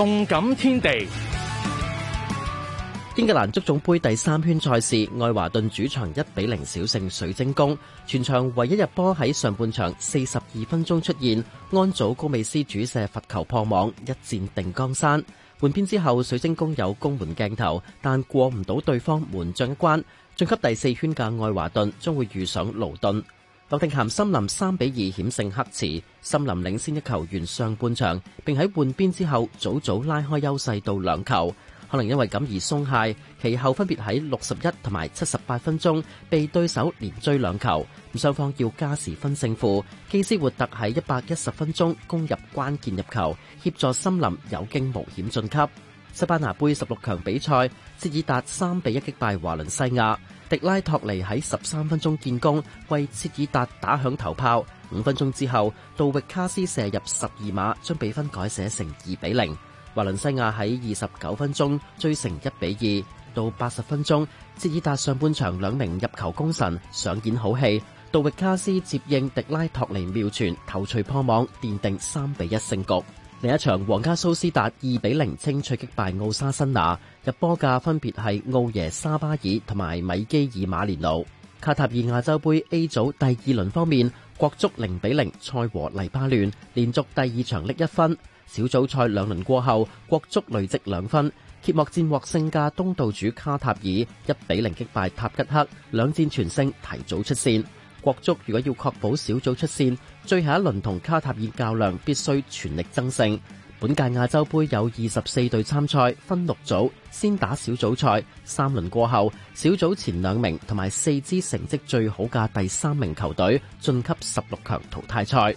動感天地，英格蘭足總杯第三圈賽事，愛華頓主場一比零小勝水晶宮。全場唯一入波喺上半場四十二分鐘出現，安祖高美斯主射罰球破網，一戰定江山。換邊之後，水晶宮有攻門鏡頭，但過唔到對方門將一關。晉級第四圈嘅愛華頓將會遇上勞頓。諾定咸森林三比二險勝黑池，森林領先一球完上半場，並喺換邊之後早早拉開優勢到兩球，可能因為咁而鬆懈，其後分別喺六十一同埋七十八分鐘被對手連追兩球，雙方要加時分勝負，基斯活特喺一百一十分鐘攻入關鍵入球，協助森林有驚無險晉級。西班牙杯十六強比賽，切爾達三比一擊敗華倫西亞，迪拉托尼喺十三分鐘建功，為切爾達打響頭炮。五分鐘之後，杜域卡斯射入十二碼，將比分改寫成二比零。華倫西亞喺二十九分鐘追成一比二，到八十分鐘，切爾達上半場兩名入球功臣上演好戲，杜域卡斯接應迪拉托尼妙傳，頭槌破網，奠定三比一勝局。另一場皇家蘇斯達二比零清脆擊敗奧沙辛拿，入波嘅分別係奧耶沙巴爾同埋米基爾馬連奴。卡塔爾亞洲杯 A 組第二輪方面，國足零比零賽和黎巴嫩，連續第二場搦一分。小組賽兩輪過後，國足累積兩分，揭幕戰獲勝嘅東道主卡塔爾一比零擊敗塔吉克，兩戰全勝，提早出線。國足如果要確保小組出線，最後一輪同卡塔爾較量必須全力爭勝。本屆亞洲杯有二十四隊參賽，分六組，先打小組賽，三輪過後，小組前兩名同埋四支成績最好嘅第三名球隊晉級十六強淘汰賽。